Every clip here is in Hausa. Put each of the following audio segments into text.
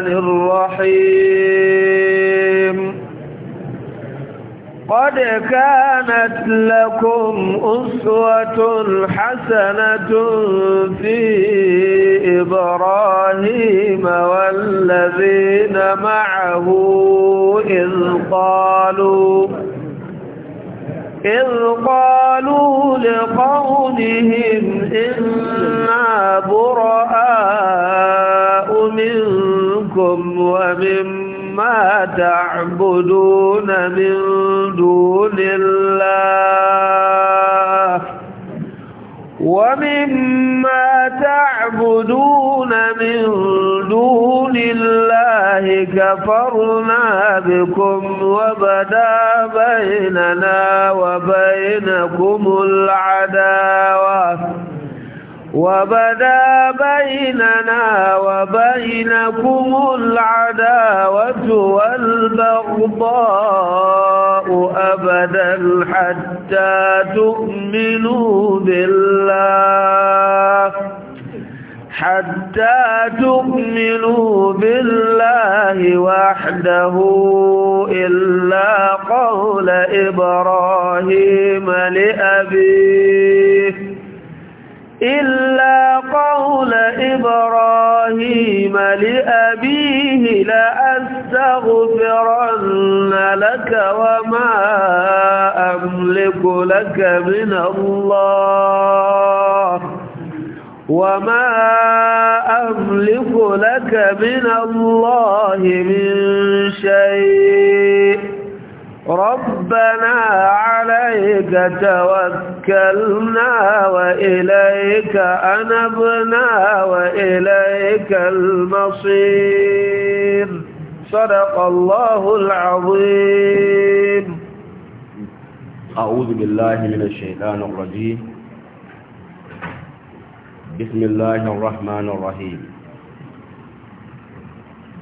الرحيم قد كانت لكم أسوة حسنة في إبراهيم والذين معه إذ قالوا إذ قالوا لقومهم إنا براء من ومما تعبدون من دون الله ومما تعبدون من دون الله كفرنا بكم وبدا بيننا وبينكم العداوة وبدا بيننا وبينكم العداوة والبغضاء أبدا حتى تؤمنوا بالله حتى تؤمنوا بالله وحده إلا قول إبراهيم لأبيه إلا قول إبراهيم لأبيه لأستغفرن لك وما أملك لك من الله وما أملك لك من الله من شيء ربنا عليك توكلنا وإليك أنبنا وإليك المصير صدق الله العظيم أعوذ بالله من الشيطان الرجيم بسم الله الرحمن الرحيم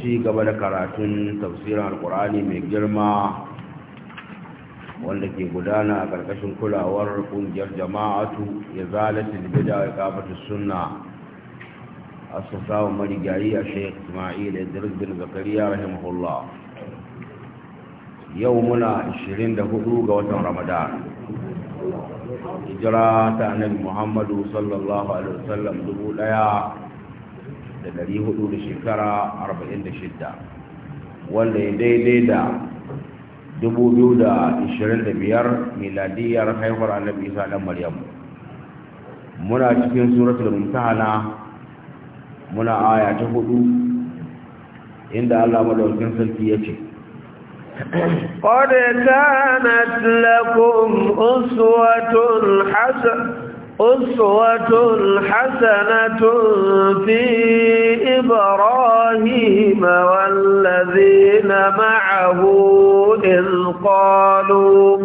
ci gaba da karatun tafsirin alkur'ani mai girma wanda ke gudana a ƙarƙashin kulawar ƙungiyar jama'atu ya zalata libida ya kafata suna a sassawan marigayi a sheik ismail idris bin zakariya rahimahullah yau muna 24 ga watan ramadan hijira ta annabi muhammadu sallallahu alaihi wasallam dubu ɗaya da ɗari hudu da shekara arba'in da shidda wanda ya daidai da dubu biyu da ishirin da biyar miladiyar haifar annabi isa na maryam muna cikin suratul mumtahana muna aya ta hudu inda allah madaukin sarki ya ce قد كانت لكم أسوة حسنة أسوة حسنة في إبراهيم والذين معه إذ قالوا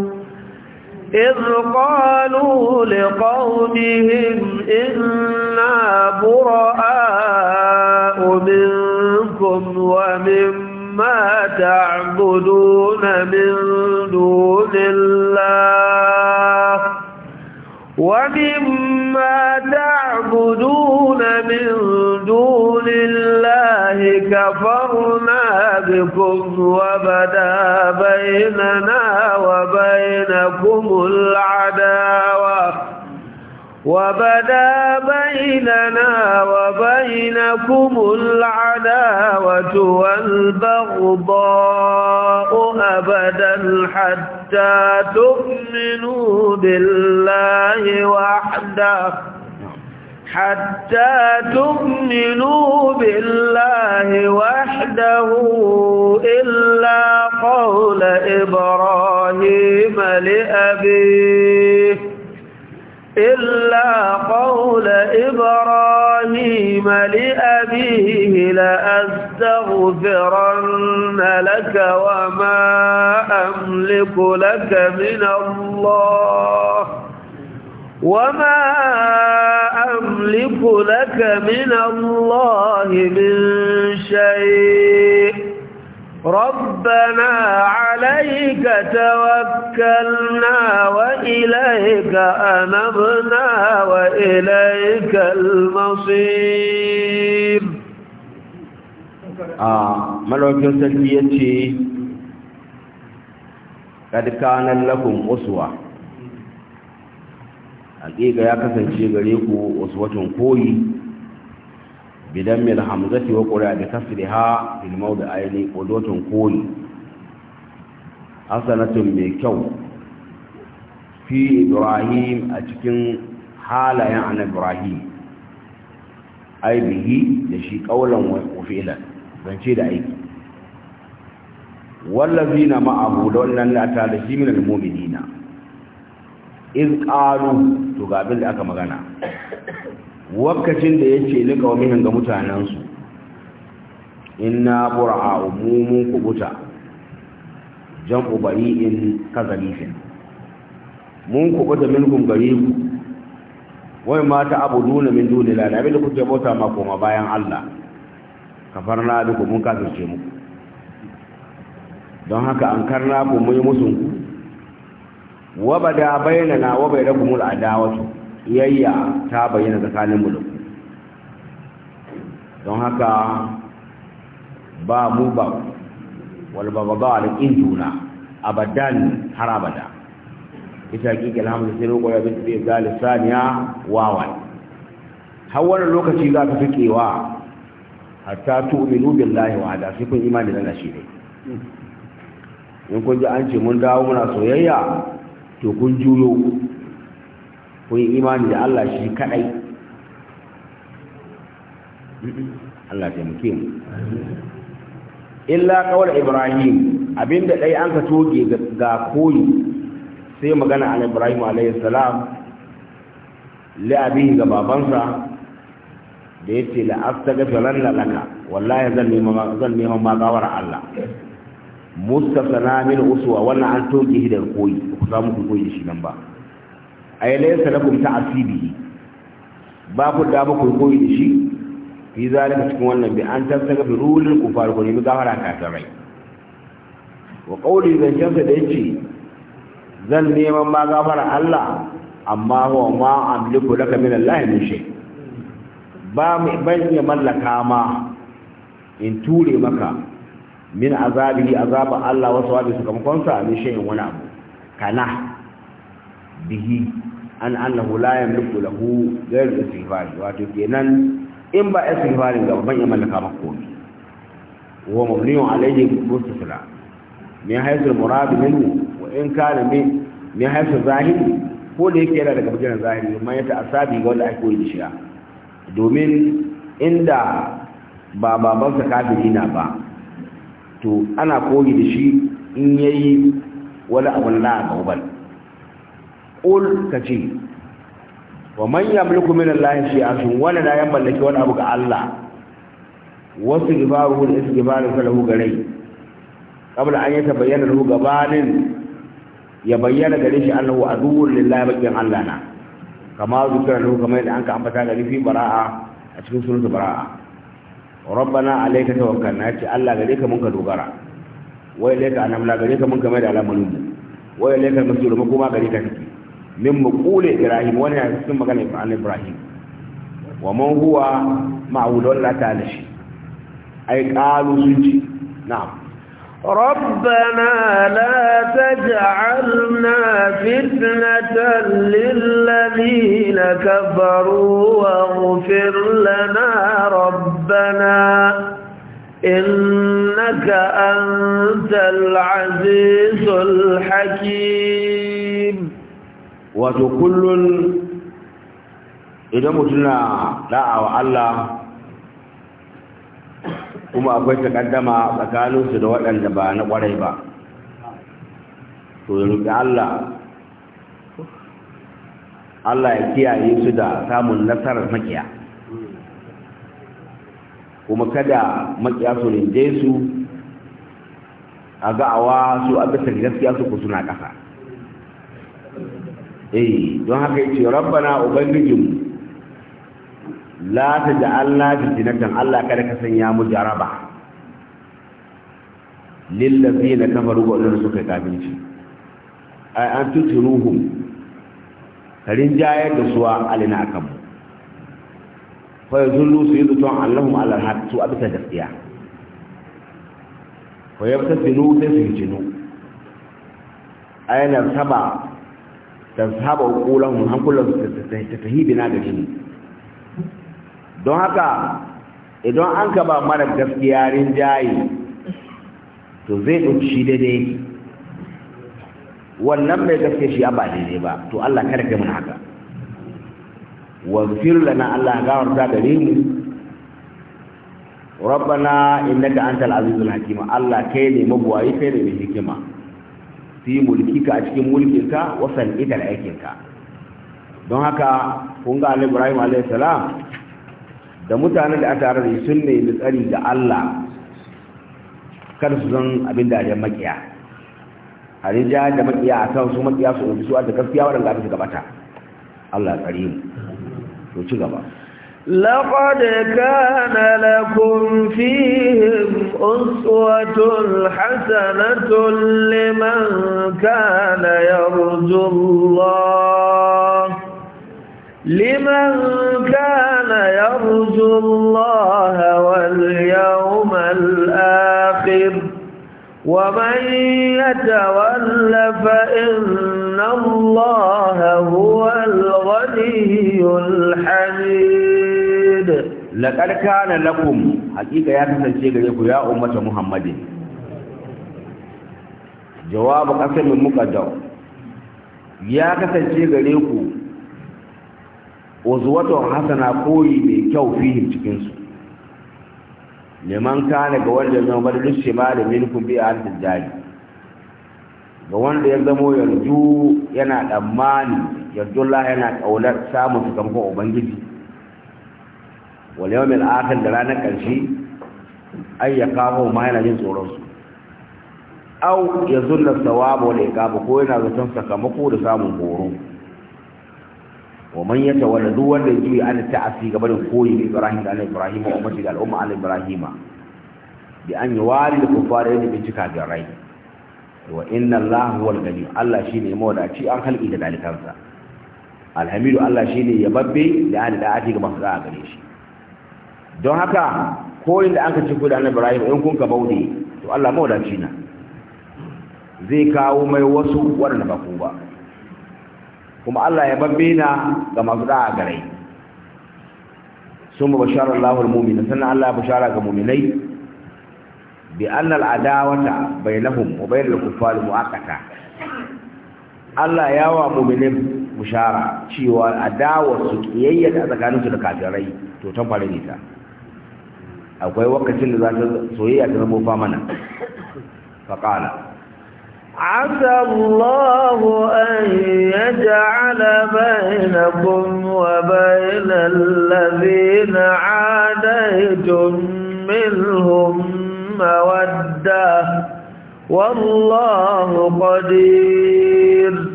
إذ قالوا لقومهم إنا براء منكم ومما تعبدون من دون الله تعبدون من دون الله كفرنا بكم وبدا بيننا وبينكم العداوة وبدا بيننا وبينكم العداوة والبغضاء أبدا حتى تؤمنوا بالله وحده حتى تؤمنوا بالله وحده إلا قول إبراهيم لأبيه إلا قول إبراهيم لأبيه لأستغفرن لك وما أملك لك من الله وما أملك لك من الله من شيء ربنا عليك توكلنا وإليك أنبنا وإليك المصير آه ملوك سلبيتي قد كان لكم أسوأ haƙiƙa ya kasance gare ku wasu watan koyi bidan mil hamzati wa ƙura da ha ilmau da ayni ƙudotun koyi hasanatun mai kyau fi ibrahim a cikin halayen an ibrahim ai bihi da shi kaulan wa don zance da aiki wallazina ma'abu da wannan da da shi min al-mu'minina iz qalu to ga abin da aka magana wakacin da ya ce lika wa mihin ga mutanensu inna bura'a umumin kubuta jam'u bari'in kazalifin mun kubuta minkum gari ku wai ma ta abuduna min dunila da abin da kuke bauta ma koma bayan Allah kafarna biku mun kafirce muku don haka an karna ku mun yi musunku wa bada na wa bainakumul adawatu iyayya ta bayyana tsakanin mu don haka ba mu ba wal babada al juna abadan har abada ki ga lamu sai roƙo ya bi gali saniya wawan har wannan lokaci za ka fikewa hatta minu billahi wa da sai kun imani da Allah shi ne in kun ji an ce mun dawo muna soyayya to kun juyo kun yi imani da Allah shi kadai Allah taimake mu illa kawar ibrahim abinda dai an ka toge ga koyi sai magana an ibrahim alayhi salam la'abihi ga babansa da yace la astaghfiranna laka wallahi zan neman zan neman magawar Allah mustafana min uswa wannan an toke shi daga koyi ku samu ku koyi shi nan ba ay laysa lakum ta'sibi ba ku da ku koyi da shi fi zalika cikin wannan bi an tastaghfiru lil kufar ku mu gafara ka ta mai wa qawli zan da yace zan neman ma gafara Allah amma huwa ma amliku laka min Allah min shay ba mu ban ya mallaka ma in ture maka min azabihi azaba Allah wasu wabi sakamakon sa min shayin wani abu kana bihi an annahu la yamliku lahu ghayr istighfar wato kenan in ba istighfarin ga ban ya mallaka maka komai wa mabniun alayhi mustasla min haythu al-murad minhu wa in kana min min haythu zahiri ko da yake yana daga bujiran zahiri amma ya ta'asabi ga wanda ake koyi da shi domin inda ba babansa kafiri na ba to ana koyi da shi in yayi wani abun na gauban ƙul ka ce wa man yamliku min Allah shay'an wala da ya mallaki wani abu ga Allah wasu gibaru da da falahu gare qabla an bayyana lahu gabanin ya bayyana gare shi annahu aduwwun lillahi bakin Allah na kama zukira lahu kamar yadda an ka ambata gari fi bara'a a cikin sunan bara'a rabbana alayka tawakkalna yace Allah gare ka mun ka dogara wa ilayka anamla gare ka mun ka mai da al'amarin mu wa ilayka masjid mu kuma gare ka take min maqul ibrahim wani ya cikin magana an ibrahim wa man huwa ma'udun la ta'ala shi ai qalu sun ci na'am ربنا لا تجعلنا فتنة للذين كفروا واغفر لنا ربنا إنك أنت العزيز الحكيم وتكل إذا متنا دعوة الله kuma akwai takaddama tsakaninsu da waɗanda ba na ƙwarai ba to ya rufe Allah Allah ya kiyaye su da samun nasarar makiya kuma kada makiya su rinje su a ga'awa su a bisa gaskiya su ku suna ƙasa eh don haka yace rabbana ubangijinmu la ta ja'alna fitnatan Allah kada ka sanya mu jaraba lil ladina kafaru wa ladina suka kafinci ai an tutruhum karin jayar da suwa alina akan fa yadullu su yi ala hatu a bisa gaskiya fa yabta sinu sai su hijinu ayyana saba ta saba kulahun hankulan su ta tahibina da ni don haka idan an ka ba mara gaskiya jayi to zai ɗauki shi daidai wannan mai gaske shi ba daidai ba to Allah kar kai mun haka واغفر لنا الله غفر ذاكرين ربنا انك انت العزيز الحكيم الله كيني مبوعي كيني بالحكمة في ملكك أشكي ملكك وصنعك الأيكك don haka kun ga Ibrahim alayhi salam da mutanen da aka rarrabe sun da tsari da Allah kar su zan abin da ya makiya harija da makiya akan su makiya su su da gaskiya wadanda aka ta. Allah ya لقد كان لكم فيهم أسوة حسنة لمن كان يرجو الله لمن كان يرجو الله واليوم الآخر ومن يتول فإن الله هو الغني الحميد لقد كان لكم حقيقه يا غري كو يا امه محمد جواب قسم المقدم يا غري كو وزوته حسنا قوي بكو فيه تكنسو لمن كان ga wanda ya zama منكم بي عند minkum ga wanda ya zamo yanzu yana tsammani yardullah yana kaular samun sakamakon ubangiji wal yawmil akhir da ranar karshe ay yakafu ma yana jin tsoron su ya yazunna sawabu wal iqab ko yana zaton sakamako da samun horo wa man yatawalla duk wanda ya juyi an ta'asi gaba da koyi da Ibrahim da Annabi Ibrahim wa ummati da al'umma Ibrahim bi an yawali da kufara da bincika ga rai wa inna Allah huwal gani Allah shine mawadaci an halki da dalikansa alhamidu Allah shi ne ya babbe da ahli da'ati ga masu a gare shi don haka koyin da aka ci ku da annabi Ibrahim in kun ka baude to Allah ma mawadaci na zai kawo mai wasu waɗanda ba ku ba kuma Allah ya babbe na ga masu a gare sun bashara Allah al-mu'mina sannan Allah ya bashara ga mu'minai bi annal adawata bainahum wa bainal kuffar mu'aqqata Allah ya wa mu'minin bushara cewa adawar su kiyayya da tsakanin su da kafirai to ta fara ne ta akwai wakacin da za ta soyayya ta zama fa mana faqala عسى الله أن يجعل بينكم وبين الذين عاديتم منهم مودة والله قدير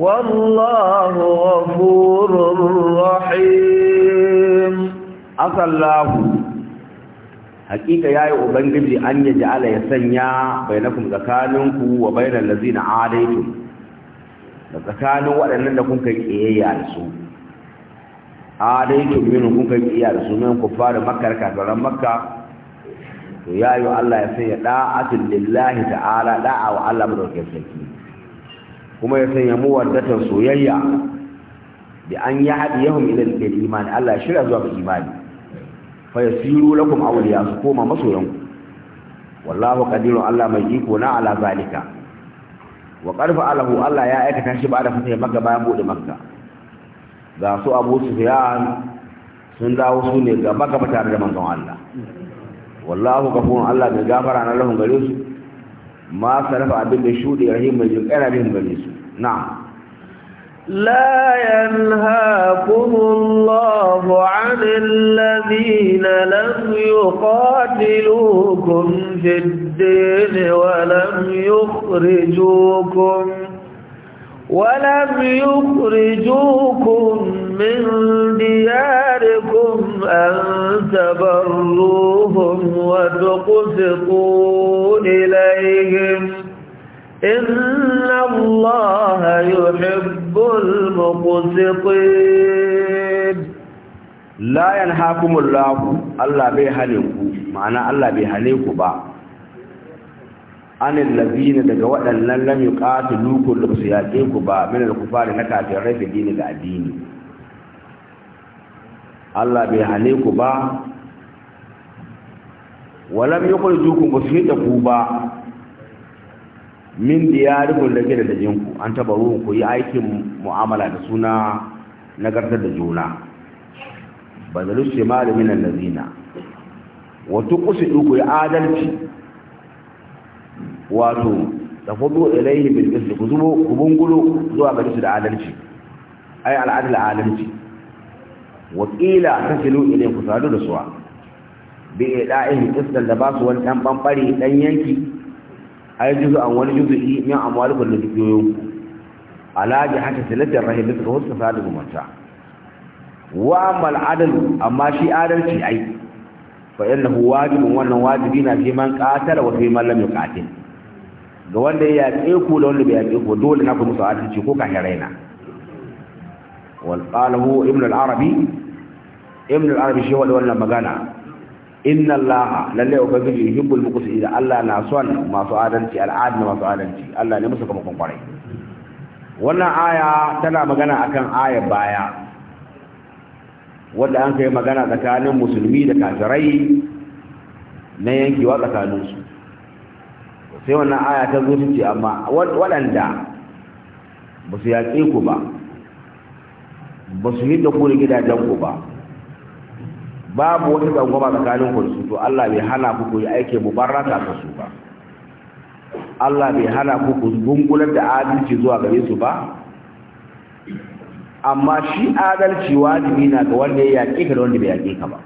والله غفور رحيم أسأل الله حقيقة يا أبنجي أن يجعل يسنيا بينكم زكانكم وبين الذين عاديتم tsakanin waɗannan da kuka kiyayya da su adaitu minhum kuka kiyayya da su min kuffar makka kafiran makka to yayo Allah ya sanya da'atul lillahi ta'ala da'a wa Allah madaukakin sarki kuma ya sanya mu wadatan soyayya bi an ya hadiyahum ila al-iman Allah ya shirya zuwa ga imani fa ya yasiru lakum awliya su koma masoyanku wallahu qadirun Allah mai iko na ala zalika wa qarfa alahu Allah ya aikata shi ba da fita makka bayan bude makka ga su Abu Sufyan sun dawo su ne ga makka tare da manzon Allah wallahu ghafurun Allah mai gafara na lahum gare su ما صرف عبد da shuɗe rahim mai jinkana rahim gare لا ينهاكم الله عن الذين لم يقاتلوكم في الدين ولم يخرجوكم ولم يخرجوكم من دياركم أن تبروهم وتقسطوا إن الله يحب المقسطين لا ينهاكم الله الله بيهلكم معنى الله بيهلكم با عن الذين daga waɗannan lam yuqatilukum da su yaƙe ku ba min al-kufar na kafirai da dini ga addini Allah bai hale ku ba walam yukhrijukum bi ku ba min diyarikum da gida da jinku an taba ruhun ku yi aikin mu'amala da suna nagartar da juna bazalu shimali min allazina wato kusa ku ya adalci wato fudu ilaihi bil qist ku zubo ku bungulo zuwa ga da adalci Ai al adl adalci wa qila tasilu ilayhi ku da suwa bi ida'ihi qist da basu wani dan bambare dan yanki ai juzu an wani juzu'i min amwalikum da dukiyoyin ku alaji hata tilatar rahim da suka huska sadu gumarta wa amal adal amma shi adalci ai fa innahu wajibun wannan wajibi na fi man qatala wa fi man lam yuqatil ga wanda ya yaƙe ku da wanda bai yaƙe ku dole na ku musu adalci ko kahirai na wal qalahu ibn al arabi ibn al arabi shi wa wannan magana inna allaha lalle ubangiji yuhibbul muqsitin Allah na son masu adalci na masu adalci Allah ne musu kuma kwarai wannan aya tana magana akan aya baya wanda an kai magana tsakanin musulmi da kafirai na yankewa tsakaninsu sai wannan aya ta zo ce amma waɗanda ba su yaƙe ku ba ba su hidda ku da gidajen ku ba babu wata tsangwama tsakanin ku su to Allah bai hana ku ku yi aiki mubarraka ka su ba Allah bai hana ku ku gungular da adalci zuwa gare su ba amma shi adalci wajibi na ga wanda ya yaƙe ka da wanda bai yaƙe ka ba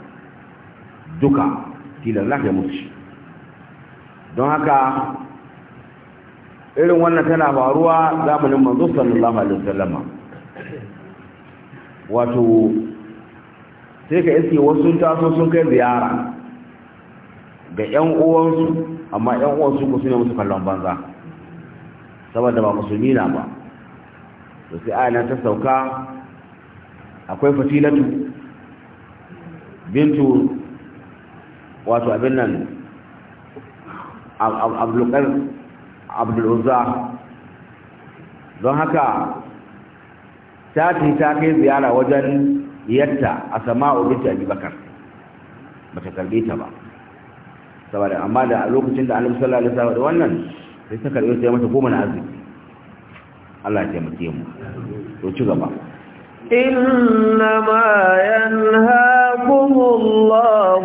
duka tilan lafiya musu shi don haka irin wannan tana faruwa zamanin manzo sallallahu alaihi wasallama wato sai ka iske wasu taso sun kai ziyara ga 'yan uwansu amma 'yan uwansu ku suna musu kallon banza saboda ba musulmi na ba to sai ayana ta sauka akwai fasilatu bintu wato abin nan abdulkar abduluzza don haka ta ta kai ziyara wajen yadda a sama'u abubakar ba ta karbe ta ba saboda amma da a lokacin da annabi sallallahu alaihi wasallam wannan sai ta karbe ta mata goma na arziki Allah ya taimake mu to ci gaba إنما ينهاكم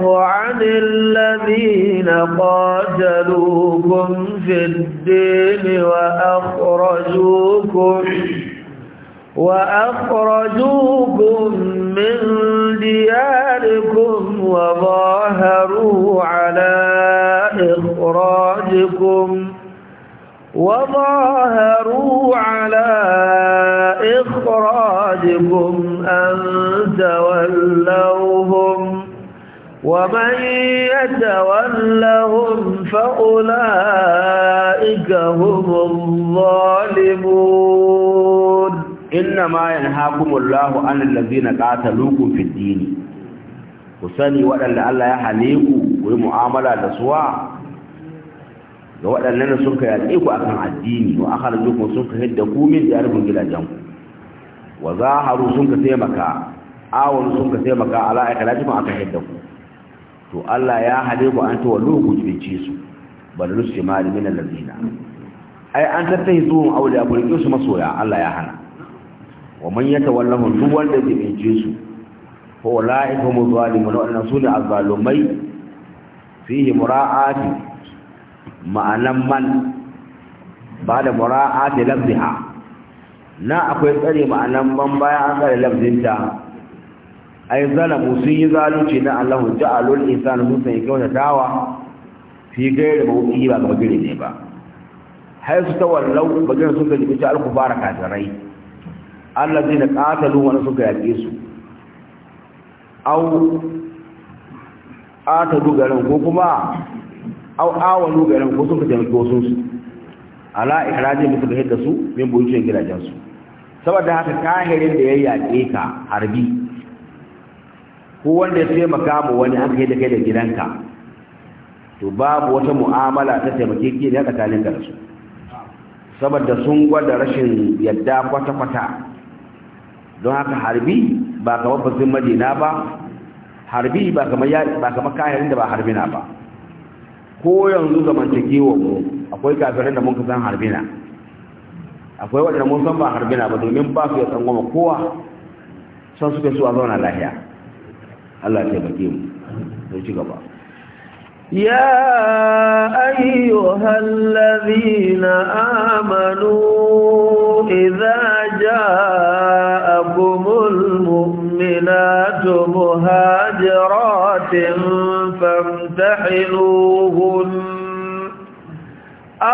'anil ladina الذين fid في wa akhrajukum وأخرجوكم من دياركم وظاهروا على إخراجكم وظاهروا على إخراجكم أن تولوهم ومن يتولهم فأولئك هم الظالمون inna ma Allahu anil ladina qataluukum fid din ku sani waɗanda Allah ya haliku, ku ku yi mu'amala da suwa ga waɗannan sun ka yaƙe ku akan addini wa akhrajukum sun ka hidda ku min diyarikum gidajen ku wa zaharu sun ka taimaka awon sun ka taimaka ala aikalajikum aka hidda ku to Allah ya hane ku an tawallu ku jinci su bal rusul ma min allazina ai an tattahi zuwa aure a su masoya Allah ya hana wa man yatawallahu duk wanda zai bice su ko ulaika hum zalimun wa annasu ne azzalumai fihi mura'ati ma'anan man ba da mura'ati lafziha na akwai tsare ma'anan man bayan an tsare lafzinta ai zalamu sun yi zalunci na Allah ja'alul insana musan kyauta dawa fi gairi mawuki ba ga bagire ne ba har su tawallau bagire sun gaji ta alkubara kafirai Allah zai na ƙatalu wani suka yaƙe su au ƙatalu garin ko kuma au awalu garin ko suka taimaki su ala ihrajin da suka hidda su min buyucin gidajensu saboda haka kahirin da ya yaƙe ka harbi ko wanda ya taimaka ma wani an kai da kai da gidanka to babu wata mu'amala ta taimake ki da tsakanin da su saboda sun gwada rashin yadda kwata-kwata don haka harbi ba kamar fasin madina ba harbi ba kamar kayan da ba Harbi na ba ko yanzu zamantakewa mu akwai kafirin da muka san na. akwai wajen mun san ba na ba domin ba su ya goma kowa san suke su a zauna lahiya Allah ya baki mu don ci gaba يا ايها الذين امنوا إذا جاءكم المؤمنات مهاجرات فامتحنوهن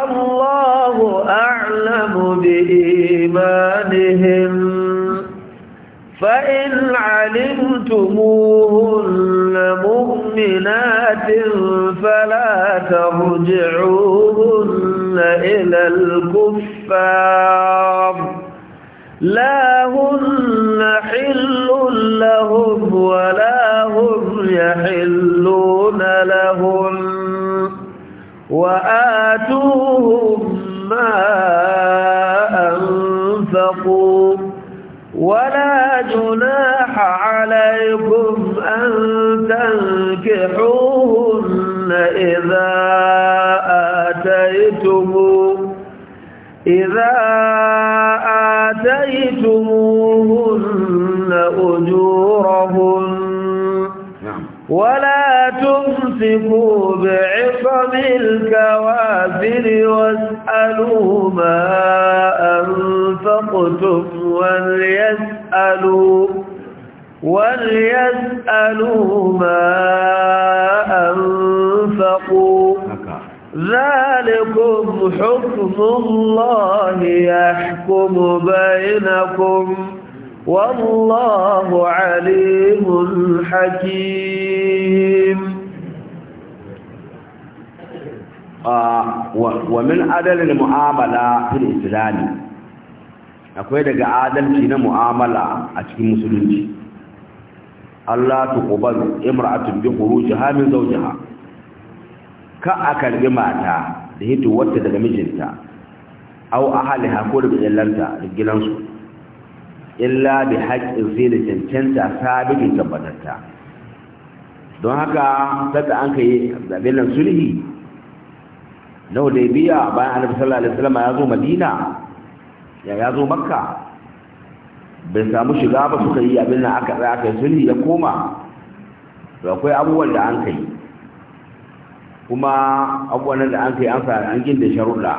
الله أعلم بإيمانهم فإن علمتموهن مؤمنات فلا ترجعوهن إلى الكفار لا هن حل لهم ولا هم يحلون لهم وآتوهم ما أنفقوا ولا جناح عليكم أن تنكحوهن إذا آتيتم إذا أمسكوا بعصم الكوافر واسألوا ما أنفقتم وليسألوا وليسألوا ما أنفقوا ذلكم حكم الله يحكم بينكم والله عليم حكيم wa min adalil mu'amala fil islami akwai daga adalci na mu'amala a cikin musulunci Allah tuqbalu imra'atun bi khurujiha min zawjiha ka akal mata da hito wata daga mijinta aw ahliha ko daga yallanta da gidansu illa bi haqqin sai da cancanta sabitin tabbatatta don haka sada an kai zabin sulhi na hudaybiya bayan annabi sallallahu alaihi wasallam ya zo madina ya ya zo makka bai samu shiga ba suka yi abin nan aka tsaya aka yi sulhi ya koma to akwai abubuwan da an kai kuma abubuwan da an kai an sa an ginda sharuɗa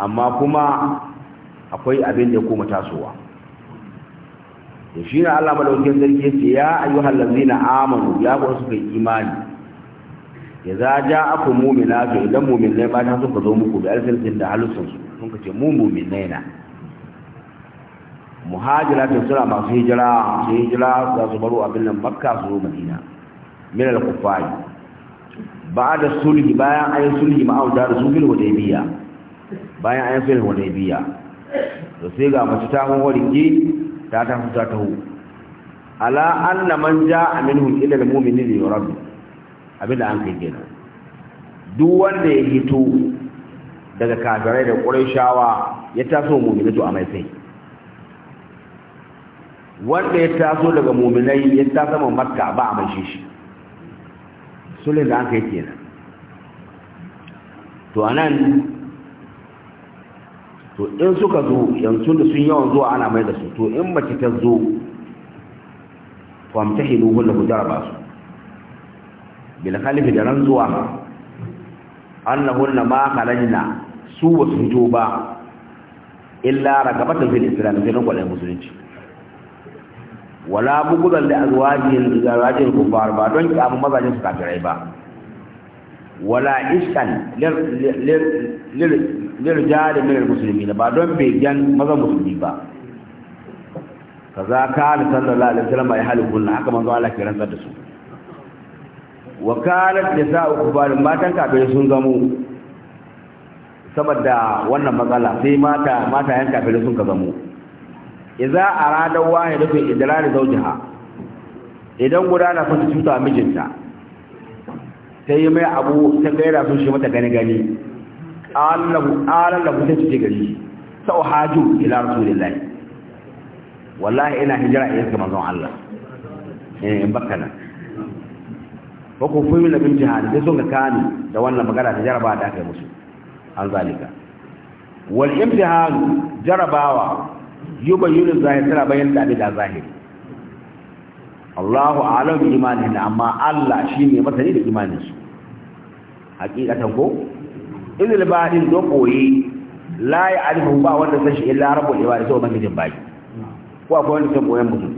amma kuma akwai abin da ya koma tasowa to shi ne Allah madaukakin sarki yace ya ayyuhal ladina amanu ya ku suka imani ya za ja aku mumina to idan ba mata suka zo muku da alfilfin da halussun sun ka ce mu muminai na muhajira ta sura masu hijira su hijira za su baro abin nan makka su zo madina min al kufai ba da sulhi bayan ayi sulhi ma'auda da sulhul hudaybiya bayan ayi sulhul hudaybiya to sai ga mace ta hun wariki ta ta ta taho ala anna man ja'a minhum ila al-mu'minin rabbi abin da an kai kenan duk wanda ya hito daga kafirai da ƙurayshawa ya taso mu'minai to a mai sai wanda ya taso daga mu'minai ya taso man makka ba a mai shi sulhin da an kai kenan to anan to in suka zo yanzu da sun yawan zuwa ana mai da su to in mace ta zo famtahinu da ku jaraba su bil khalifi da rantsuwa annahunna ma kharajna su ba su fito ba illa ragabatan fil islam sai nan kwalai musulunci wala bugudan da azwajin zawajin kufar ba don kyamun mazajin su kafirai ba wala iskan lirjali min musulmi ba don begen mazan musulmi ba kaza ka da sallallahu alaihi wasallam ya halu kullu haka manzo Allah ke rantsar da su wa kanat nisa'u kubarin matan kafirai sun zamo saboda wannan matsala sai mata mata yan kafirai sun ka gamu idza arada wahidatu idrar zawjiha idan guda na son cuta mijinta sai yi mai abu ta gaira sun shi mata gani gani alallahu alallahu ta ce gari sau haju ila rasulillahi wallahi ina hijira idan manzon Allah eh bakkana wa ku fi min bin jihadi sai sun ga kani da wannan magana ta jaraba da yi musu an zalika wal imtihan jarabawa yunus zahir tana bayan da da zahiri Allahu a'lam bi na amma Allah shine masani da imanin su hakikatan ko idil ba'in do koyi la ya'rifu ba wanda san shi illa rabbul ibadi so bangijin baki ko akwai wanda san koyan mutum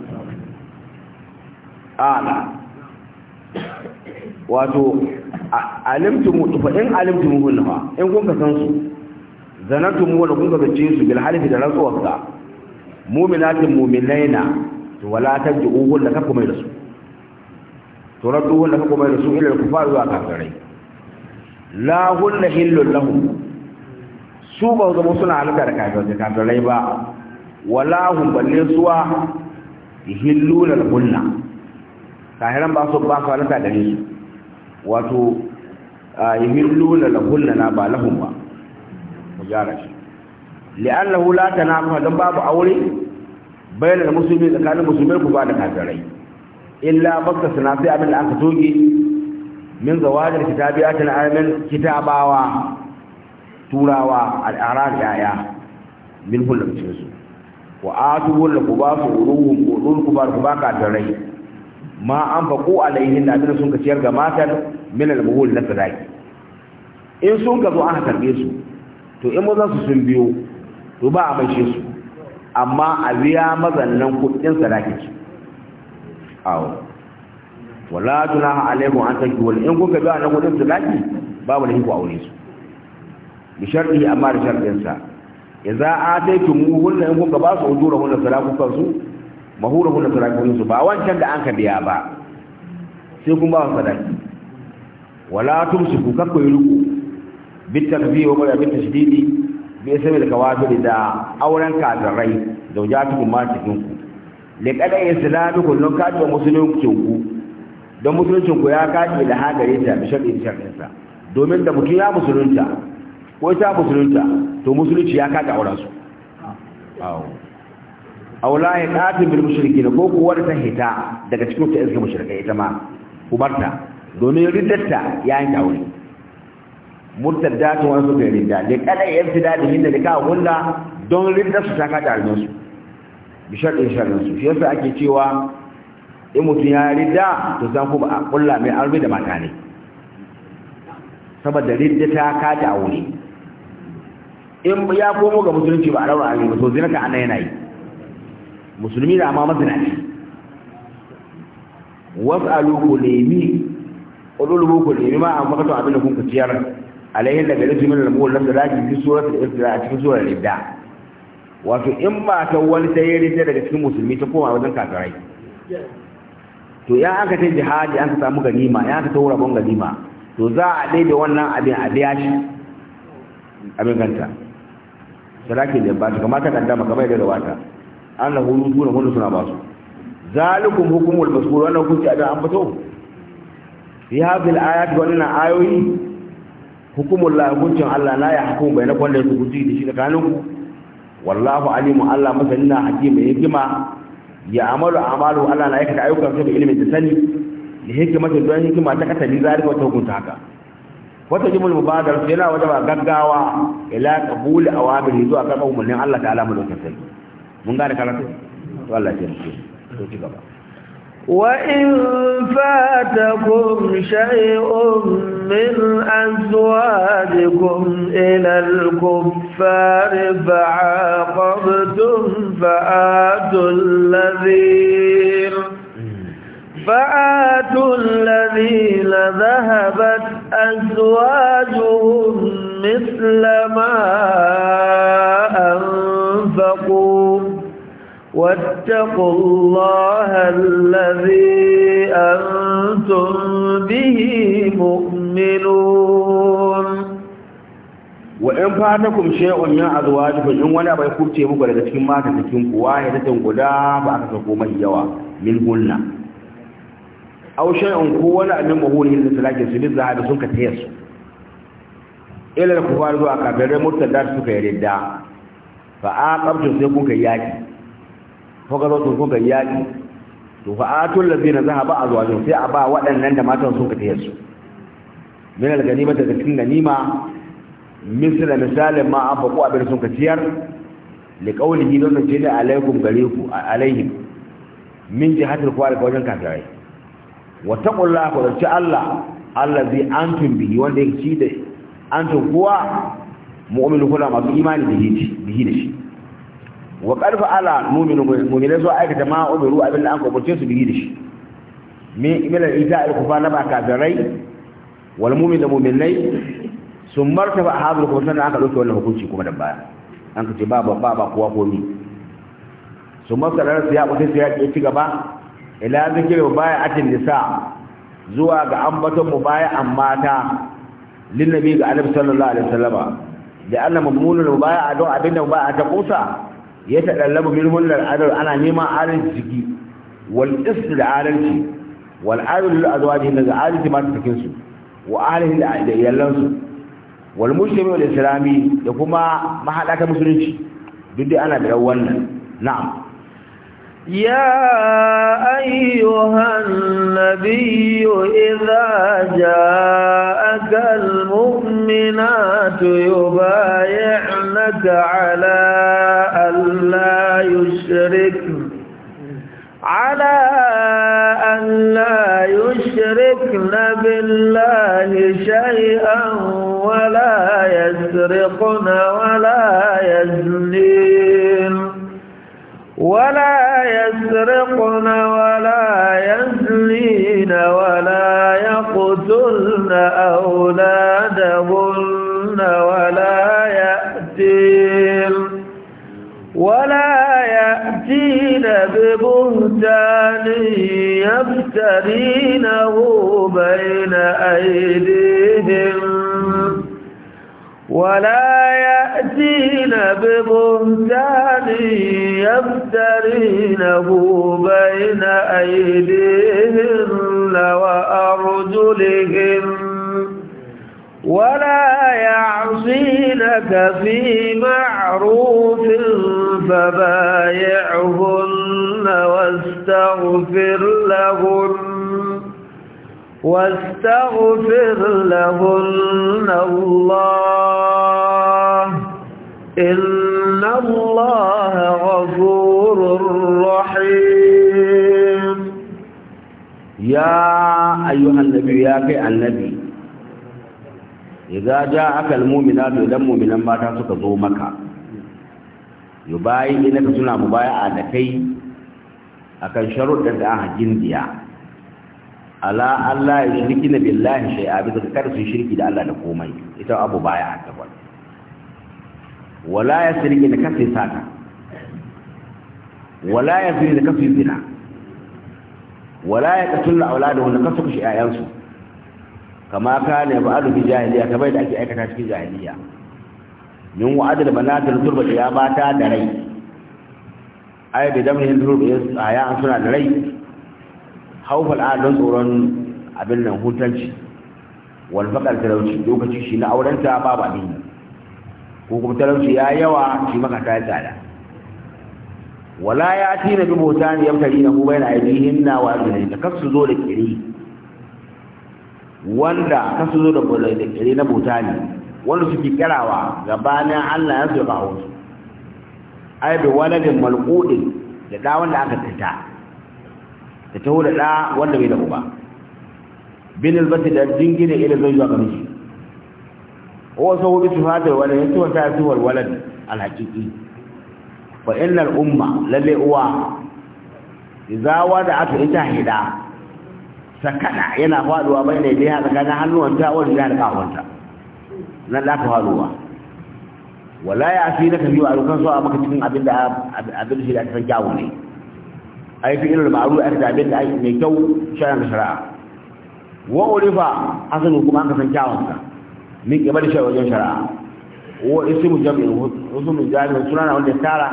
ala wato mu fa in alimtum hunna in kun ka san su mu wala kun ka gace su bil halifi da rantsuwarsa mu'minatin mu'minaina to wala tajuu hunna ka kuma da su to raddu hunna ka kuma da su ila kufar zuwa kafirai la hunna hillul lahum su ba zama suna halaka da kafirai kafirai ba wala hun balle suwa hillul hunna kafiran ba su ba su halaka da su wato a yihillu na ba lahun ba mu gyara shi ta na kuma don babu aure bayanar musulmi tsakanin musulmi ku ba da kafirai illa baka suna sai abin da aka toge min zawajir kitabiyatin kita kitabawa turawa da yaya min hulun cikin su wa atubu ku ba su uruhum ku ba ku ba kafirai ma an faƙo alaihin da sun ka ciyar ga matan min buhul na sadaki in sun ka zo an karbe su to in mazan su sun biyo to ba a maishe su amma a biya mazannan kuɗin sadaki ce. awo wala tunaha alaikum an wani. in kun ka biya na kuɗin sadaki babu lahi ku aure su bi sharɗi amma da sharɗinsa idza ataytum hunna in kun ka ba su ujurahunna sadaqu kansu mahura hula sadakokin ba wancan da an ka biya ba sai kun ba wa sadaki wala tumsiku kakko yi ruku bit takbir wa bit tashdidi bi sami da kawafir da auren kazarai zaujatukum ma tikinku ya islamikum lon kaji wa musuluncin ku don musuluncin ku ya kaji da hagari ta bi da shar'in sa domin da mutum ya musulunta ko ta musulunta to musulunci ya kaji auren su aw la yaqatil bil mushrikin ko kuwa ta hita daga cikin ta iska mushrikai ita ma kubarta domin riddarta ya yi aure ta wani suka ridda da kada ya fida da hinda da ka hulla don riddar su ta kada almin su bi sharɗin sharɗin su shi yasa ake cewa in mutum ya ridda to zan ba a kulla mai aure da mata ne saboda ridda ta kada aure in ya komo ga musulunci ba a raura aure ba to zina a nan yana yi musulmi da amma mazinaci was'alu ku nemi ululubu ku nemi ma a fakatu abin da kun kuciyar alaihin daga rizu min al-mulk da zaki fi surat al-ibtila a cikin surar al-ibda wato in ba ta wani sai ya rita daga cikin musulmi ta koma wajen kafirai to ya aka ta jihadi an samu ganima ya aka ta wurabon ganima to za a daida wannan abin a biya shi abin ganta. sadaki da ba ta kamata kan dama kamar da wata. an lahu nutuna wanda suna ba su zalikum hukumul masbur wannan hukunci abin an fito fi hadhihi al-ayat wannan ayoyi hukumul la hukuncin Allah la yahkum bainakum wanda yake hukunci da shi tsakanin ku wallahu alimu Allah masanina hakima hikima ya amalu amalu Allah na aikata ayyukan sa da ilimin da sani da hikimata don hikima ta katali zalika wata hukunta haka wata jimul mubadar yana wajaba gaggawa ila qabul awamiri zuwa karɓar umarnin Allah ta'ala mulkin sarki وإن فاتكم شيء من أزواجكم إلى الكفار فعاقبتم فآتوا الذين فآتوا الذين ذهبت أزواجهم مثل ما واتقوا الله الذي أنتم به مؤمنون وإن فاتكم شيء من أزواجكم إن ولا بيكون شيء مقرد لكن ما تتكين واحدة قدا فأتكم يوا قلنا أو شيء قوة من مهوله لسلاك سبيل ذهب سنك تيس إلا الكفار ذو أكبر مرتدات سكير الدعم فآقبتم سيكون كياكي fagarotun kun ga yaƙi to fa atul ladina zahaba azwajun sai a ba waɗannan da matan sun ka tayar su min ganima daga cikin ganima misal misalin ma an faku abin sun ka ciyar li qawlihi don ce alaikum gare ku alaihim min jihatil kuwar ga wajen kafirai wa taqullaha ku dace Allah allazi antum bihi wanda yake ci da antum kuwa mu'minu kula masu imani da shi da shi wa ƙarfa ala muminai zuwa aikata ma umaru abin da an kwakwacin su biyu da shi min imilar ita alkufa na ba kafirai wal mumin da muminai sun martaba a hazin kuma sannan aka ɗauke wannan hukunci kuma da baya an kace ba ba ba kowa ko ni. sun martaba su ya ɓuce su ya ci gaba ila zikirin baya a atin nisa zuwa ga ambaton mu baya an mata linnabi ga annabi sallallahu alaihi wasallama da annabi mu baya a don abin da mu baya ta kusa ya taɗallabu min hullar ana neman adalci jiki wal istu da adalci wal adalci da daga adalci masu cikin su wa ahlihi da iyalansu wal muslimi wal islami da kuma mahaɗaka musulunci duk dai ana da wannan na'am يا أيها النبي إذا جاءك المؤمنات يبايعنك على أن لا يشركن على أن لا يشركن بالله شيئا ولا يسرقن ولا يزنين ولا يسرقن ولا يزنين ولا يقتلن أولادهن ولا يأتين ولا يأتين ببهتان يفترينه بين أيديهم ولا يأتين يأتين ببهتان يفترينه بين أيديهن وأرجلهن ولا يعصينك في معروف فبايعهن واستغفر لهن واستغفر لهن الله إن الله غفور رحيم يا أيها النبي يا كي النبي إذا جاءك المؤمنات إذا مؤمنا ما تسك ظومك يبايع إنك سنع مبايعة لكي أكن شرط أنها جندية ألا ألا يشركين بالله شيئا بذلك كرس يشركي لألا نقومي إذا أبو بايع التبول wala ya sirki da kafin sata wala ya zini da kafin zina wala ya katulla auladahu da kasu kashi ayansu kama ka ne ba alu jahiliya kamar da ake aikata cikin jahiliya min wa'adul banatul turba ya mata da rai ai bi damin turba ya aya an suna da rai haufal adon tsoron abin nan hutanci wal faqal talauci lokaci shi na aurenta babu abin ko kuma talauci ya yawa shi maka ta tsada wala ya ti na bi botan ya fari na kuma yana aibihin na wa abin da kasu zo da kiri wanda kasu zo da da kiri na botani wanda suke karawa gabanin Allah ya zuba hu ai da waladin malqudin da da wanda aka tsita da tawo da da wanda bai da uba bin albati da dingine ila zai zuwa ga miji وصوه اتفاد الولد يسوى سوى الولد حقيقي فإن الأمة للي هو إذا وضعت إتاهدا سكنا ينا فادوا بين يديها سكنا هنو أنت ورجال قاوانتا لا تفادوا ولا يعفينك في وعلوكا سواء ما كنت تكون أبدا أبدا شيء أتفجاوني أي في إلو المعروف أرد أبدا أي ميكو شرع شرع وأولفا أصنعكم أنك سنجاونتا min gaba da shari'a wajen shari'a wa ismu jam'in ismu jami'in sunana wanda tara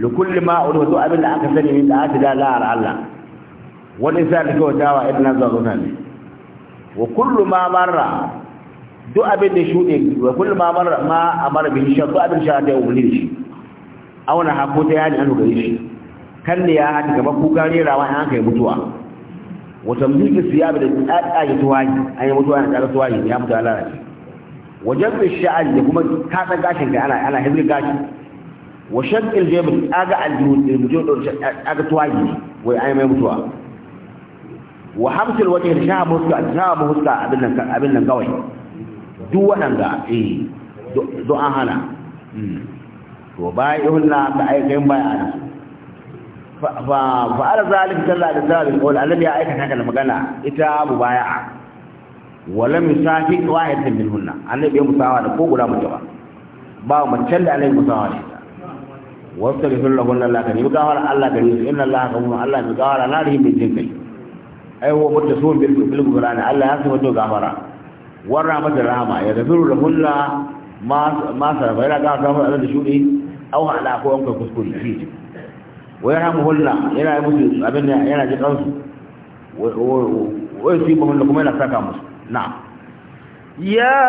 li kulli ma urifa to abin da aka sani min da aka da la'ar Allah wani sa da kawai dawa ibn zazzuna ne wa kullu ma marra duk abin da shuɗe wa kullu ma marra ma amara bi shan abin shari'a da ya umarni da shi auna hako ta yani an gare shi kan ne ya haka gaba kuka rerawa rawa an kai mutuwa wa tamziki siyabi da tsatsa ya tuwaji an yi mutuwa na tsara tuwaji ya mutu lalace wajen bin sha'ar da kuma kasan gashin kai ana ana hizgin gashi wa shakil jebin aga aljihu aga tuwaji wai ai mai mutuwa wa hamsul wata da sha'a muska sha'a muska abin nan abin nan kawai duk waɗanda eh do an hana hmm. to bayan na ka aikin bayan fa fa ala zalika sallallahu alaihi wasallam alladhi aikata kana magana ita mubaya'a wala misafi wahidin min hunna annabi ya musawa da ko guda mace ba ba macen da annabi musawa da ita wasu da sulla hunna Allah kare gawar Allah kare su inna Allah ka Allah bi gawar na rahim bin jin kai ai wa mutta sun bil bil qur'ani Allah ya san wato gafara warra mata rahama ya gafiru da hunna ma ma sa bai da gafara Allah da shudi aw ala ko an kai kuskure fi wa yarhamu hunna yana musu abin yana ji kansu wa yusibuhunna kuma yana saka musu نعم يا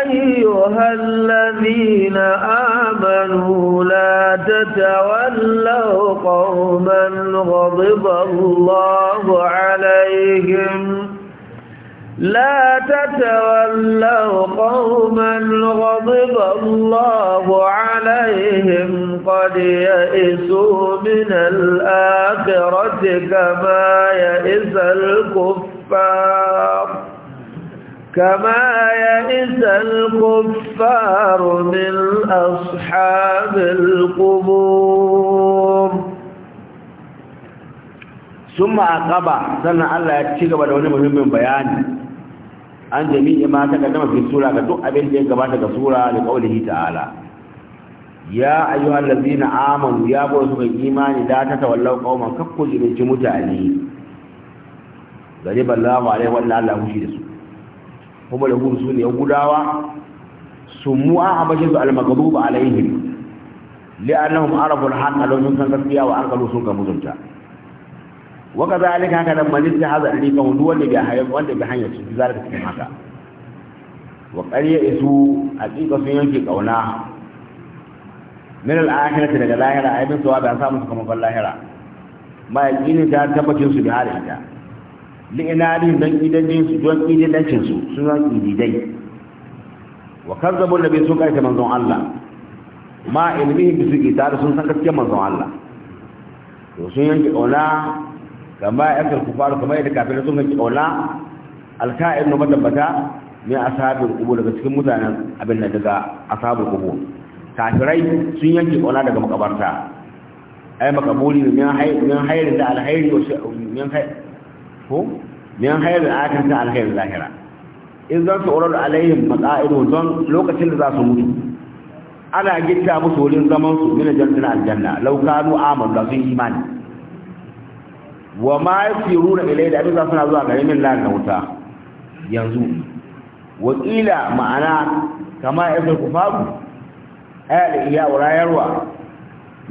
أيها الذين آمنوا لا تتولوا قوما غضب الله عليهم لا تتولوا قوما غضب الله عليهم قد يئسوا من الآخرة كما يئس الكفر الكفار كما يئس الكفار من أصحاب القبور ثم أقبع سنة الله يتشيك بلوني مهم من بيان أن جميع ما تقدم في السورة كتوء أبين جيك بعد سورة لقوله تعالى يا أيها الذين آمنوا يا برسوا الإيمان لا تتولوا قوما كفوا جميع جمتاني gare ballawa alai wannan Allah mushi da su kuma da su ne gudawa sumu'a habashin su al-maghdub alaihim li'annahum arafu al-haqq law sun san gaskiya wa aqalu sun ka mutunta wa kadhalika haka nan man istihaza alika wanda wanda ga hayyan wanda ga hanyar su zalika cikin haka wa qariya isu aqiqa sun yanke kauna min al-akhirati daga lahira aibin suwa da samu su kuma lahira ma yaqini ta tabbacin su bi halin ta li'inari don idajin su don idajin su suna ididai wa kazzabu nabi sun karanta manzon Allah ma ilmihi bi su ita sun san gaskiyar manzon Allah to sun yanke kauna kama ya kar faru kama yadda kafin sun yanke kauna alka'in na madabbata ne a ashabul kubo daga cikin mutanen abin da daga a ashabul kubo? kafirai sun yanke kauna daga makabarta ai makaburi min hayr min hayr da alhayr wa min hayr ko min hayar da ta alkhairin zahira in za su orar alaihim matsa'iru don lokacin da za su mutu ana gitta musu wurin zaman su min jannatin aljanna law kanu amanu da sun imani wa ma yasiruna ilayhi da abin na zuwa gare min lan wuta yanzu wakila ma'ana kama yasir kufaru ayat iya wurayarwa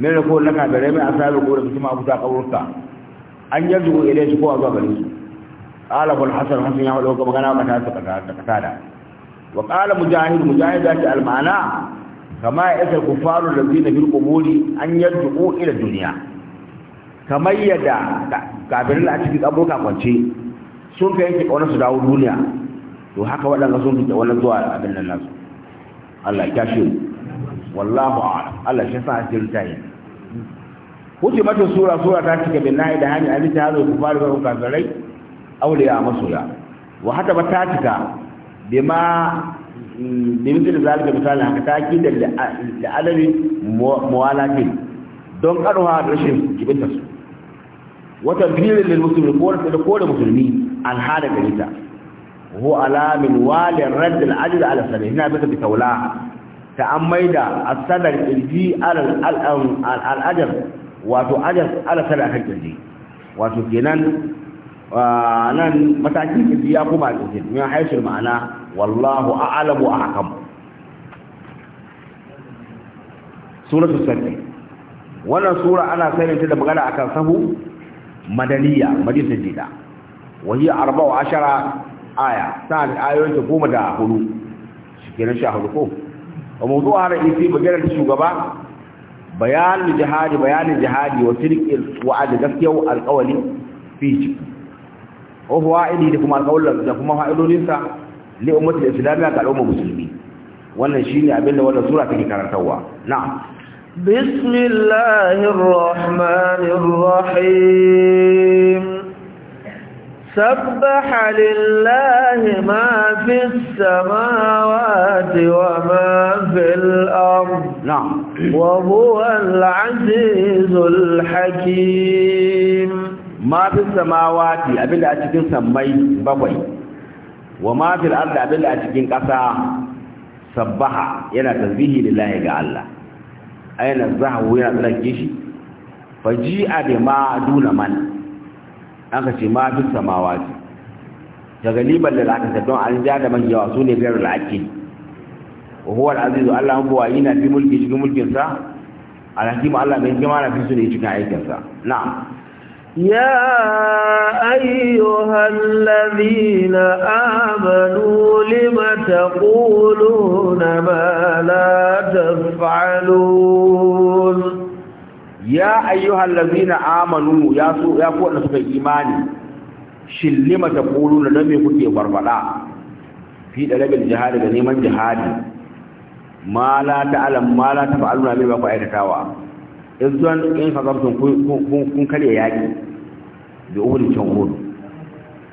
min ko laka bare a asabi ko da kuma abuta kaburka an yarda ku ilai shi ko a gare su qala bul hasan hasan ya wado magana ba ta ta kada wa qala mujahid mujahid da ta almana kama ya isa kufaru da zina bil quburi an yarda ku ila duniya kamar yadda kafirin a cikin kaburka kwance sun kai yanke kaunar su dawo duniya to haka waɗanda sun fita wannan zuwa abin nan nasu Allah ya kashe wallahu a'lam Allah ya sa asirin tayin wuce mata sura sura ta cika bin na'i hanyar hani ta hazo ku fara ga kafirai auliya masoya wa hata ba ta cika bima da zalika misali haka ta ki da alami muwalatin don karuwa da rashin jibinta su wata birin da musulmi ko da ko da musulmi alhada gare ta hu alamin walin radd al ajr ala sabi ina bisa bi taula ta an maida asadar ilji al al ajr wato ala tana kan kirji wato kenan nan matakin kirji ya kuma kirji min haisul ma'ana wallahu a'lamu a hakam suratul safi wannan sura ana saninta da magana a kan sahu madaniya majalisar jida wahi arba wa ashara aya ta da ayoyinta goma da hudu shi kenan sha hudu ko wa mawdu'a ra'isi maganar shugaba بيان الجهاد بيان الجهاد وترك الوعد جفيا القولي فيه وهو عائدي لكم القول لكم هو وعائد لنسا لأمة الإسلام كالأم المسلمين وانا شيني أبن وانا سورة في كانت نعم بسم الله الرحمن الرحيم سبح لله ما في السماوات وما في الأرض نعم وهو العزيز الحكيم ما في السماوات ابدا cikin samai bakwai wama fil ardi abinda cikin kasa sabbaha yana tasbihi lillahi ga Allah aina zahu yana tsarki shi faji'a a ma duna man aka ce ma fil samawati daga liban da aka ce don an da man yawa sune biyar da ake wa huwa al-azizu Allah kuwa yana bi mulki cikin mulkin sa al-hakim Allah mai hikima na fi su ne cikin aikin sa na'am يا أيها الذين آمنوا لم تقولون ما لا تفعلون يا أيها الذين آمنوا يا سوء يا قوة نسوك إيماني شل لم تقولون لم يكن يبربلا في دلب الجهاد غنيما جهادي ma la ta'lam ma la taf'aluna ne ba ku aikatawa idan in fazabtum kun kun kare yaki bi uhudin ku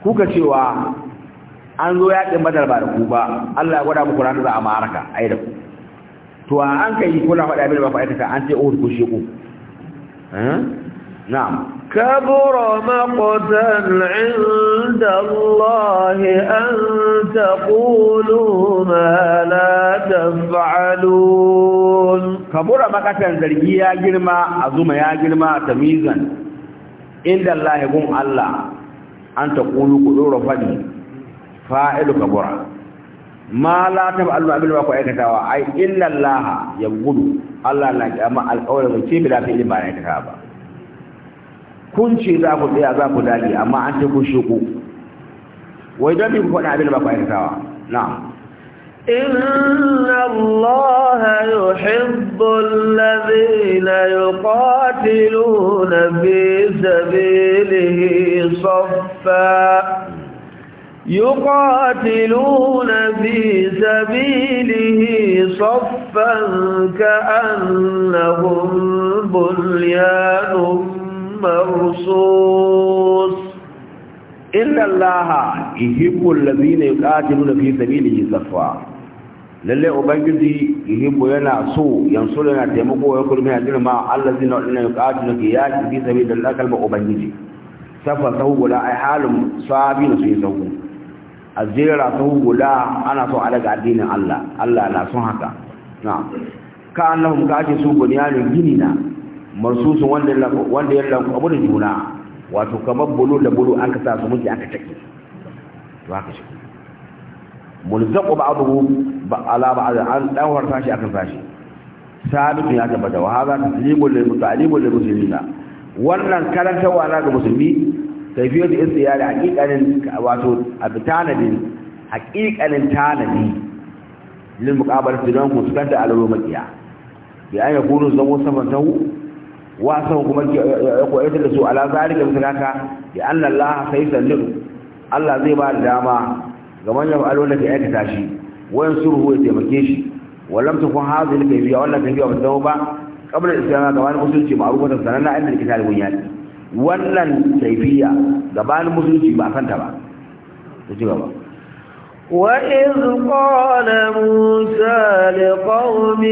kuka cewa an zo yaki madar ba da ku ba Allah ya gwada muku ran za a maraka ai da ku to an kai kula faɗa ne ba ku aikata an ce uhud ku shi ku eh na'am كبر مقتا عند الله أن تقولوا ما لا تفعلون كبر مقتا زرقي يا جرما أظم يا جرما تمييزا عند الله يقوم الله أن تقولوا قدور فدي فاعل كبر ما لا تفعلون أبل وكو أي إلا الله يبغض الله لا يأمى القول من شيء بلا فعل ما يكتابه kunci za ku tsaya za ku dage amma an ta kushe ku wai dan ku faɗa abin da ba ku aikatawa na'am إن الله يحب الذين يقاتلون في سبيله صفا يقاتلون في سبيله صفا كأنهم بنيان مرصوص إن الله يحب الذين يقاتلون في سبيله صفا lalle ubangiji yuhibbu yana so yansu yana taimako ya kurmi a jirma allazi na wadanda yuqatilu fi yaki fi sabilillah kalma ubangiji safa sahu guda ai halin sabi na sai sahu azira sahu guda ana so alaga addinin Allah Allah na son haka na ka annahum ka ake su bunyanin gini na marsusun wanda ya lanku abu da juna wato kamar bulu da bulu an ka sa su muke aka take to haka shi mulzaqu ba'dahu ba ala a an dawar tashi akan tashi sabitu ya tabbata wa hadha taslimu lil mutalimu lil muslimina wannan karantawa na ga musulmi tafiyar da istiyari hakikanin wato abitanadin hakikanin tanadi lil muqabalati don kuskanta alawar makiya bi an yakunu zamo samantahu wasan kuma ya koyar da su ala zalika bisa haka bi anna Allah sayyidu Allah zai ba da dama ga manyan alwala da aikata shi wayan surhu ya taimake shi wallam ta kun kai biya wannan kayfiya ba zama ba kabla islam ga wani a ma'rufatan sanana inda kitab al-bunyani wannan kayfiya gabanin musulunci ba a kanta ba ta ci gaba وإذ قال موسى لقومه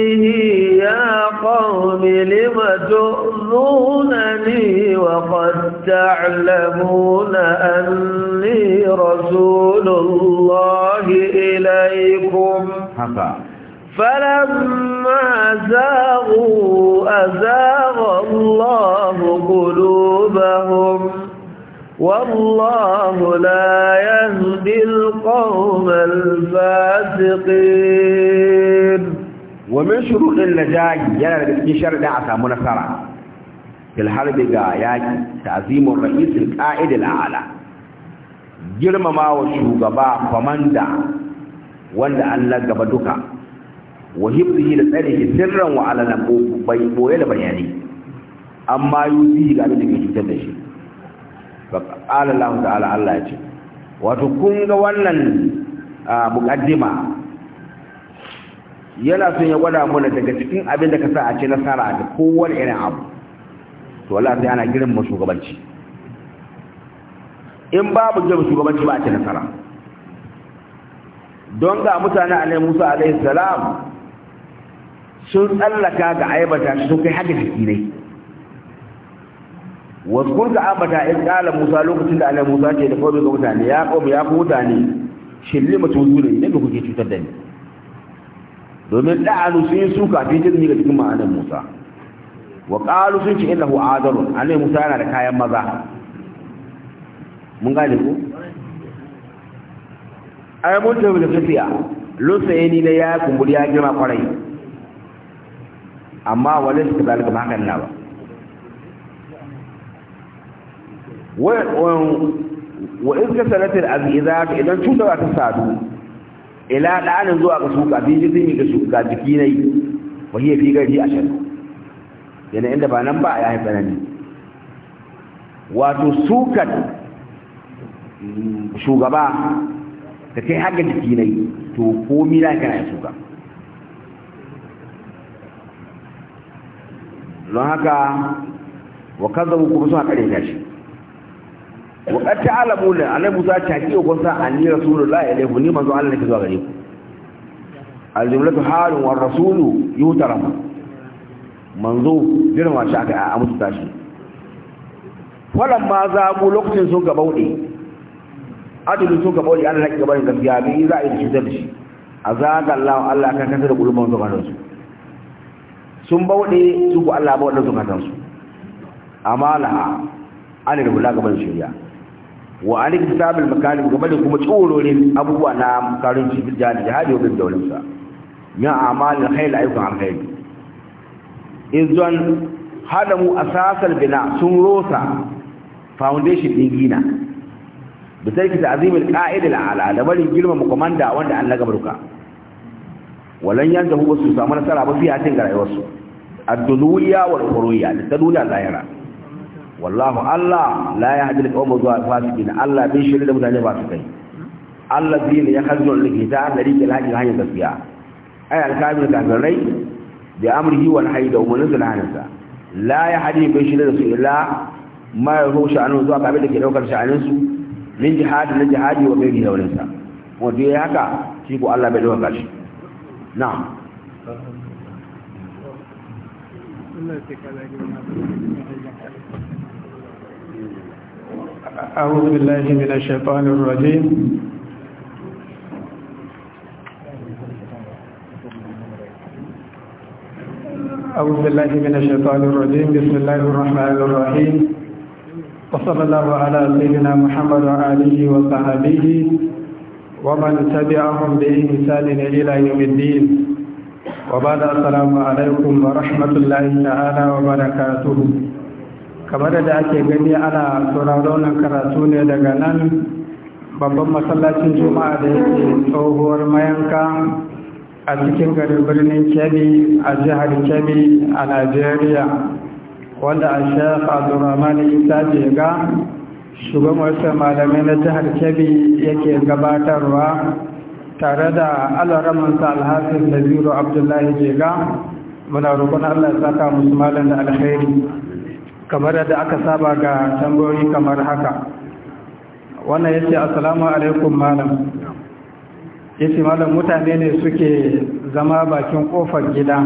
يا قوم لم تؤذونني وقد تعلمون أني رسول الله إليكم فلما زاغوا أزاغ الله قلوبهم والله لا يهدي القوم الفاسقين ومن شروط النجاح يلا بشر دعسة منصرة في الحرب قاياك تعظيم الرئيس القائد الأعلى جرم ما وشوق باع فمن دع وان لك بدك وهبته لسأله سرا وعلى نبوه بيبوه لبياني أما يوزيه لك جدا شيء Allah ta'ala Allah ya ce wato kun ga wannan muqaddima yana son ya gwada mana daga cikin abin da ka sa a ce nasara da kowane irin abu to Allah sai ana girin mu shugabanci in babu girin shugabanci ba a ce nasara don ga mutane a Musa alaihi salam sun tsallaka ga aibata su sun kai haka jiki ne waskur ka ambata in kala musa lokacin da annabi musa ce da kawai ga mutane ya kawai ya ku mutane shirye mace wuzu ne ne kuke cutar da ni domin da'anu sun yi suka fi jirni ga cikin ma'anar musa wa qalu sun ce illahu azarun annabi musa yana da kayan maza mun gane ku ai mun tafi da tafiya lusaye ni na ya kumburi ya girma kwarai amma wani su ka zalika ba hakan na ba wa in ka sanatar aziza ka idan cuta ba ta sadu ila ɗanin zuwa ga suka ji jisimi ga suka jiki na yi wa hiya fi gari a shan yana inda ba nan ba ya haifa tsanani wato sukan shugaba ka kai haka jiki na yi to komi na kana ya suka don haka wa zama kuma suna kare shi wakar ta alamu ne annabi musa ta ki ko sa anni rasulullahi alaihi ni manzo Allah nake zuwa gare ku aljumlatu halun wa rasulu yutarama manzo jiran wa shaka a mutu tashi walamma za mu lokacin sun ga bauɗe adilin sun ga bauɗe Allah nake gaban gaskiya bi za a yi cutar da shi azaga Allah Allah kan kasa da gulman zukatansu sun bauɗe su ku Allah bauɗe zukatansu amala ana da kula gaban shirya wa an kitabul makarim game da kuma tsororin abubuwa na da cikin jihadi jihadi wajen daular sa ya amalin khayl ayyukan alkhairi izan hadamu asasal bina sun rosa foundation din gina da tarki ta azimin ka'id al'ala da barin girmama komanda wanda Allah gabarka walan yanzu ba su samu nasara ba fiye a cikin rayuwarsu ad-dunya wal-ukhrawiyya da duniya lahira wallahu Allah la ya yahdi da qawma zuwa fasiqin Allah bin shirye da mutane ba su fasikai allazina yakhudun ya kitab da da rike al-haqi hanyar gaskiya ay al-kamil kafirai bi amrihi wal hayda wa da hanasa la ya yahdi bin shirye da su illa ma yahu sha'anu zuwa kabil da ke daukar sha'anin su min jihadi na jihadi wa bai yawrin sa wanda haka shi ko Allah bai ɗaukar shi na'am أعوذ بالله من الشيطان الرجيم أعوذ بالله من الشيطان الرجيم بسم الله الرحمن الرحيم وصلى الله على سيدنا محمد وآله وصحبه ومن تبعهم بإحسان إلى يوم الدين وبعد السلام عليكم ورحمة الله تعالى وبركاته kamar da ake gani ana sauraron karatu ne daga nan babban masallacin juma'a da yake tsohuwar mayanka a cikin garin birnin kebbi a jihar kebbi a najeriya wanda a shaf abdurrahman isa jega shugaban wasu malamai na jihar kebbi yake gabatarwa tare da alaramansa alhafin naziru abdullahi jega muna roƙon allah saka musu malam da alkhairi kamar yadda aka saba ga tambayoyi kamar haka wannan yace assalamu alaikum malam yace malam mutane ne suke zama bakin kofar gida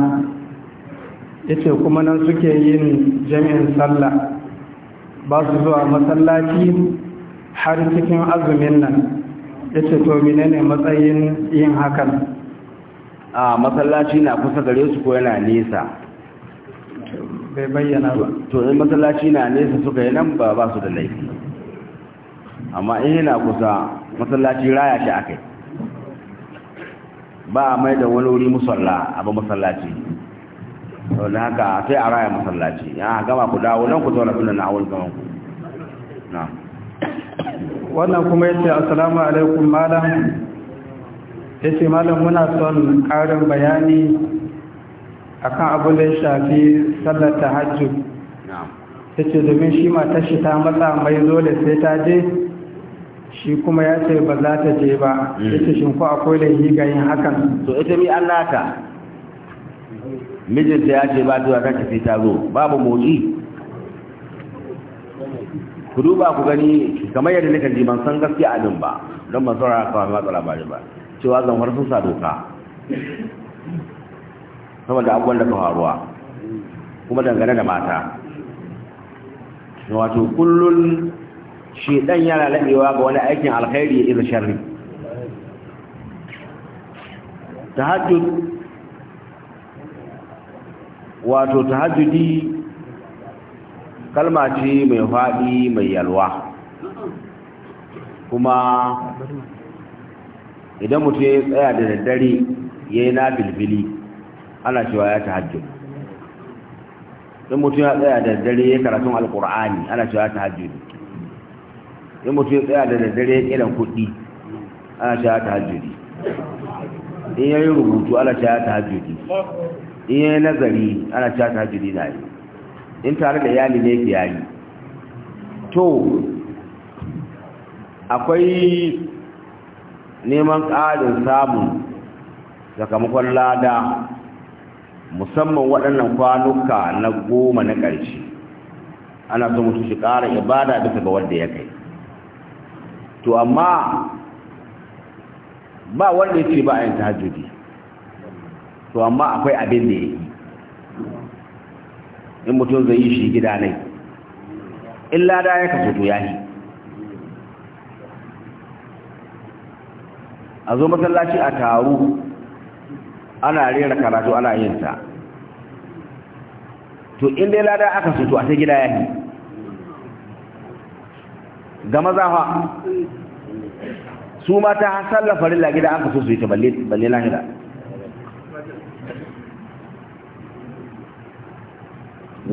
yace kuma nan suke yin jami'in sallah ba su zuwa masallaci har cikin azumin nan ya ce to menene matsayin yin hakan a masallaci na kusa gare su ko yana nesa bai bayyana ba to in masallaci na nesa suka yi nan ba ba su da laifi amma in yana kusa masallaci raya shi akai ba a mai da wani wuri musalla abin masallaci Wani haka sai a raya masallaci ya gama ku dawo nan ku zaune suna na awon ku na wannan kuma yace assalamu alaikum malam yace malam muna son ƙarin bayani akan abin da shafi sallar tahajjud yace domin shi matar shi ta matsa mai dole sai ta je shi kuma ya ce ba za ta je ba mm. yace shin ko akwai laifi ga yin hakan to ita mi Allah ta mijinta ya ce ba ta tafi ta zo babu motsi ku duba ku gani kamar yadda nake ji ban san gaskiya abin ba don ban saurara kawai ba matsala ba cewa zan sun sa doka saboda abubuwan da ka faruwa kuma dangane da mata wato kullun shedan ya laɗewa ga wani aikin alkhairi ya iza sharri tahajjud wato tahajjudi kalma ce mai faɗi mai yalwa kuma idan mutum ya tsaya da daddare ya yi na bilbili ana cewa ya tahajjud in mutum ya tsaya da daddare ya karatun alkur'ani ana cewa ya tahajjud in mutum ya tsaya da daddare ya kiran kuɗi ana cewa ya tahajjud in ya yi rubutu ana cewa ya tahajjud in ya yi nazari ana cewa ya tahajjud na yi in tare da iyali ne ke yayi to akwai neman ƙarin samun sakamakon lada musamman waɗannan kwanuka na goma na ƙarshe ana so mutu shi ƙara ibada bisa ga wanda ya kai to amma ba wanda ya ce ba a yin tahajjudi to amma akwai abin da ya yi in mutum zai yi shi gida ne in lada ya kasu to yi, a zo masallaci a taru ana rera karatu ana yin ta to in dai lada aka so to a ta gida yi ga maza fa su mata sallafa rilla gida aka so su yi ta balle lahira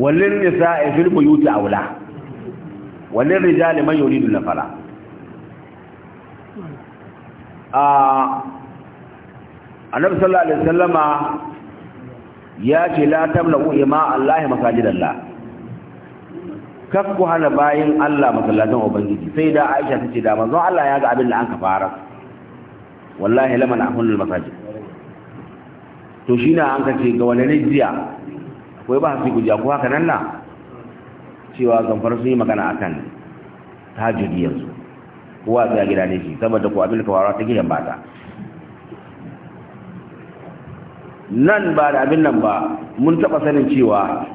wallin nisa'i fil buyuti aula wallin rijali man yuridu nafala a annabi sallallahu alaihi wasallama ya ce la tamlu ima Allah masajidallah kakku hana bayan Allah masallatan ubangiji sai da Aisha ta ce da manzo Allah ya ga abin da an ka fara wallahi laman ahunul masajid to shine an kace ga wani rijiya akwai ba su guja ku haka nan na cewa zamfar sun yi magana kan tahajjudi yanzu kowa zai gida ne shi saboda ko abin kawara ta gidan bata nan ba da abin nan ba mun taba sanin cewa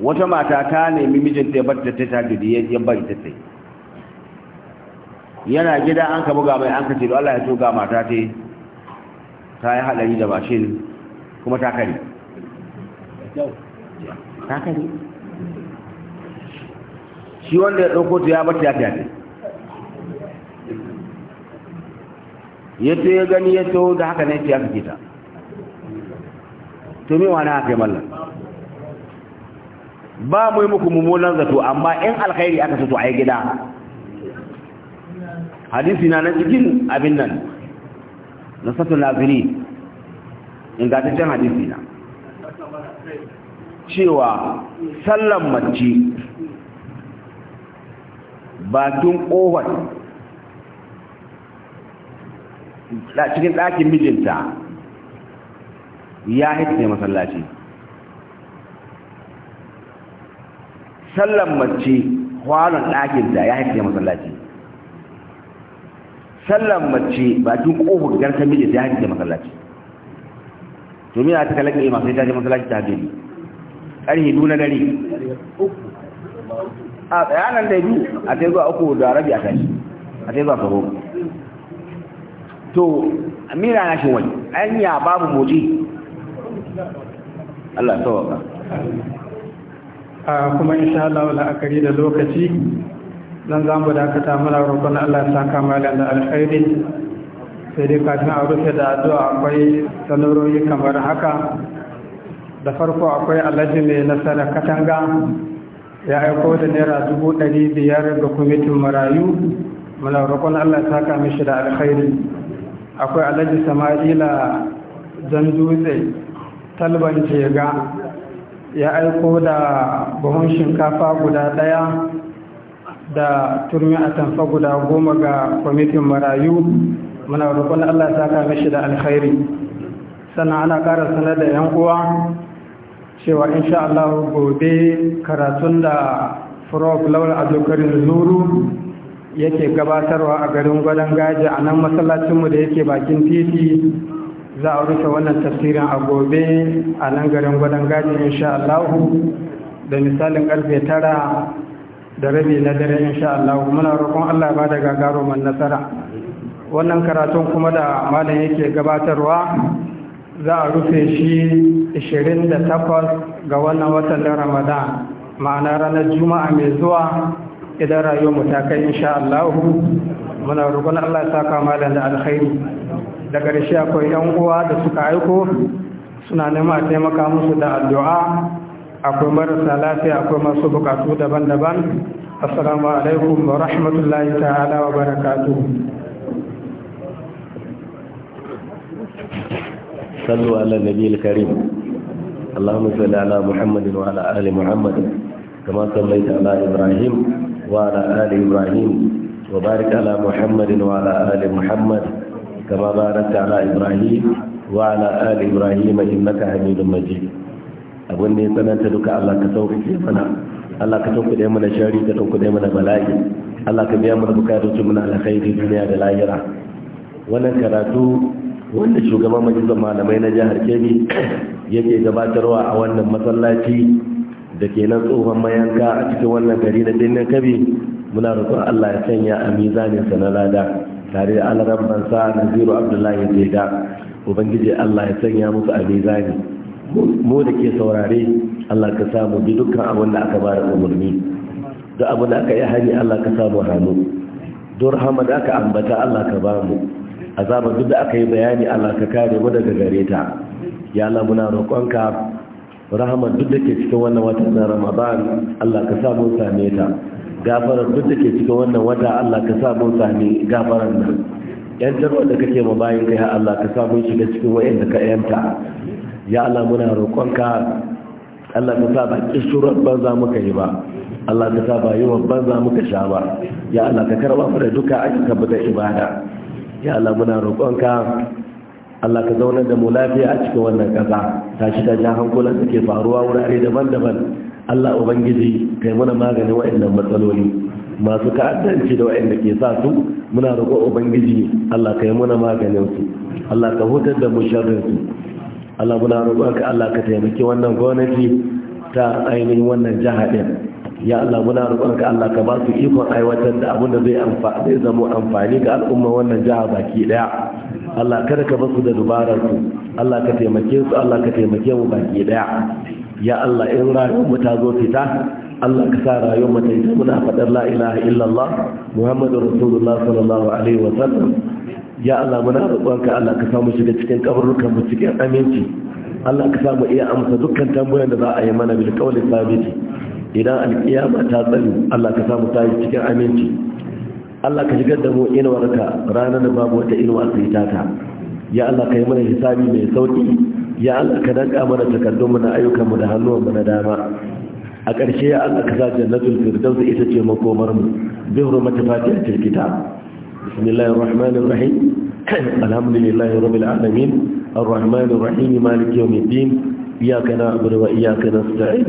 wata mata ta nemi mijinta ya bata ta tajiri ya bari ta sai yana gida an ka buga mai an ka ce da Allah ya toga mata ta ta yi haɗari da mashin kuma ta kare haka ne shi wanda ya ɗauko ta ya bata ya fiye ya to ya gani ya to da haka ne ya fi ta to me wani haka mallan ba mu yi muku mummunan zato amma in alkhairi aka so to a yi gida hadisi na na cikin abin nan na satun naziri ingantaccen hadisi na cewa sallan mace batun ƙofar cikin ɗakin mijinta ya hitne masallaci sallan mace kwanon ɗakinta ya hitne masallaci sallan mace batun ƙofar garkar mijinta ya hitne masallaci domin a ta kalaƙa masu ita ce masallaci ta hajjini ƙarhe nuna dare a tsayanan da biyu a sai zuwa uku da rabi a tashi a sai zuwa sabo to Amina na shi wani an yi babu moji Allah sauwaka a kuma insha Allah wala akari da lokaci zan zamu dakata mana roƙon Allah ya saka malam da alkhairi sai dai kafin a rufe da addu'a akwai sanarori kamar haka da farko akwai alhaji mai nasara katanga ya aiko da naira dubu ɗari biyar ga kwamitin marayu muna allah ta kame shi da alkhairi akwai alhaji sama'ila jan dutse talban jega ya aiko da buhun shinkafa guda ɗaya da turmi a tamfa guda goma ga kwamitin marayu muna allah ta kame shi da alkhairi sannan ana ƙara sanar da 'yan uwa cewa insha Allah gobe karatun da Prof Lawal dokar Zuru yake gabatarwa a garin gwadon gaji a nan masallacinmu da yake bakin titi za a rufe wannan tafsirin a gobe a nan garin gwadon gaji insha Allah da misalin karfe tara da rabi na dare insha Allah muna roƙon Allah ba da gagarumin nasara wannan karatun kuma da malam yake gabatarwa za a rufe shi 28 ga wannan watan da ramadan ma'ana ranar juma'a mai zuwa idan rayuwarmu ta kai insha Allahu muna roƙon Allah ya saka malam da alkhairi da ƙarshe akwai yan uwa da suka aiko suna nema a taimaka musu da addu'a akwai marasa lafiya akwai masu bukatu daban-daban assalamu alaikum wa rahmatullahi ta'ala wa barakatuhu صلوا على النبي الكريم اللهم صل على محمد وعلى آل محمد كما صليت على إبراهيم وعلى آل إبراهيم وبارك على محمد وعلى آل محمد كما باركت على إبراهيم وعلى آل إبراهيم إنك حميد مجيد abin ne tsananta duka Allah ka sauƙaƙe mana Allah ka sauƙaƙe mana shari ka sauƙaƙe mana bala'i Allah ka biya mana bukatun mu na alkhairi duniya da lahira wannan karatu wanda shugaban majalisar malamai na jihar kebbi yake gabatarwa a wannan masallaci da ke nan tsohon mayanka a cikin wannan gari na birnin kabi muna rukun allah ya sanya a mizaninsa na lada tare da alaran sa na zero abdullahi zega ubangiji allah ya sanya musu a mizani mu da ke saurare allah ka samu bi dukkan abin da aka ba da umarni da abin da aka yi hani allah ka samu hannu rahama da aka ambata allah ka ba mu azabar duk da aka yi bayani Allah ka kare mu daga gare ta ya Allah muna roƙonka rahmar duk da ke cikin wannan wata na Ramadan Allah ka sa mu same ta gafarar duk da ke cikin wannan wata Allah ka sa mu same gafarar nan yan tarwa da kake ma bayin kai Allah ka sa mu shiga cikin wayanda ka yanta ya Allah muna roƙonka Allah ka sa ba kisurar banza muka yi ba Allah ka sa ba yi wa za mu ka sha ba ya Allah ka karba mu da duka ayyukan da ibada ya Allah muna roƙonka Allah ka zaunar da mu lafiya a cikin wannan ƙasa shi da jan hankulan da ke faruwa wurare daban-daban Allah ubangiji kai muna maganin waɗannan matsaloli masu ta'addanci da waɗanda ke sa su muna roƙo ubangiji Allah kai muna maganin su Allah ka hutar da mu sharrin su Allah muna roƙonka Allah ka taimaki wannan gwamnati ta ainihin wannan jiha ɗin ya Allah muna roƙonka Allah ka ba su ikon aiwatar da abin da zai amfani zama amfani ga al'umma wannan jiha baki daya Allah kada ka basu da dubarar su Allah ka taimake su Allah ka taimake mu baki daya ya Allah in rayuwar mu ta zo fita Allah ka sa rayuwar mu ta yi muna faɗar la ilaha illallah Muhammadur Rasulullah sallallahu alaihi wa sallam ya Allah muna roƙonka Allah ka sa mu shiga cikin kaburukan mu cikin aminci Allah ka sa mu iya amsa dukkan tambayoyin da za a yi mana bil qawli sabiti idan alkiyama ta tsari Allah ka samu ta yi cikin aminci Allah ka shigar da mu inuwarka ranar da babu wata inuwa sai taka ya Allah ka yi mana hisabi mai sauƙi. ya Allah ka danƙa mana takardunmu na ayyukanmu da hannuwanmu na dama a ƙarshe ya Allah ka sa jannatul firdaus ita ce makomar mu bi hurmati fatihatil kitab bismillahir rahmanir rahim alhamdulillahi rabbil alamin arrahmanir rahim maliki yawmiddin iyyaka na'budu wa iyyaka nasta'in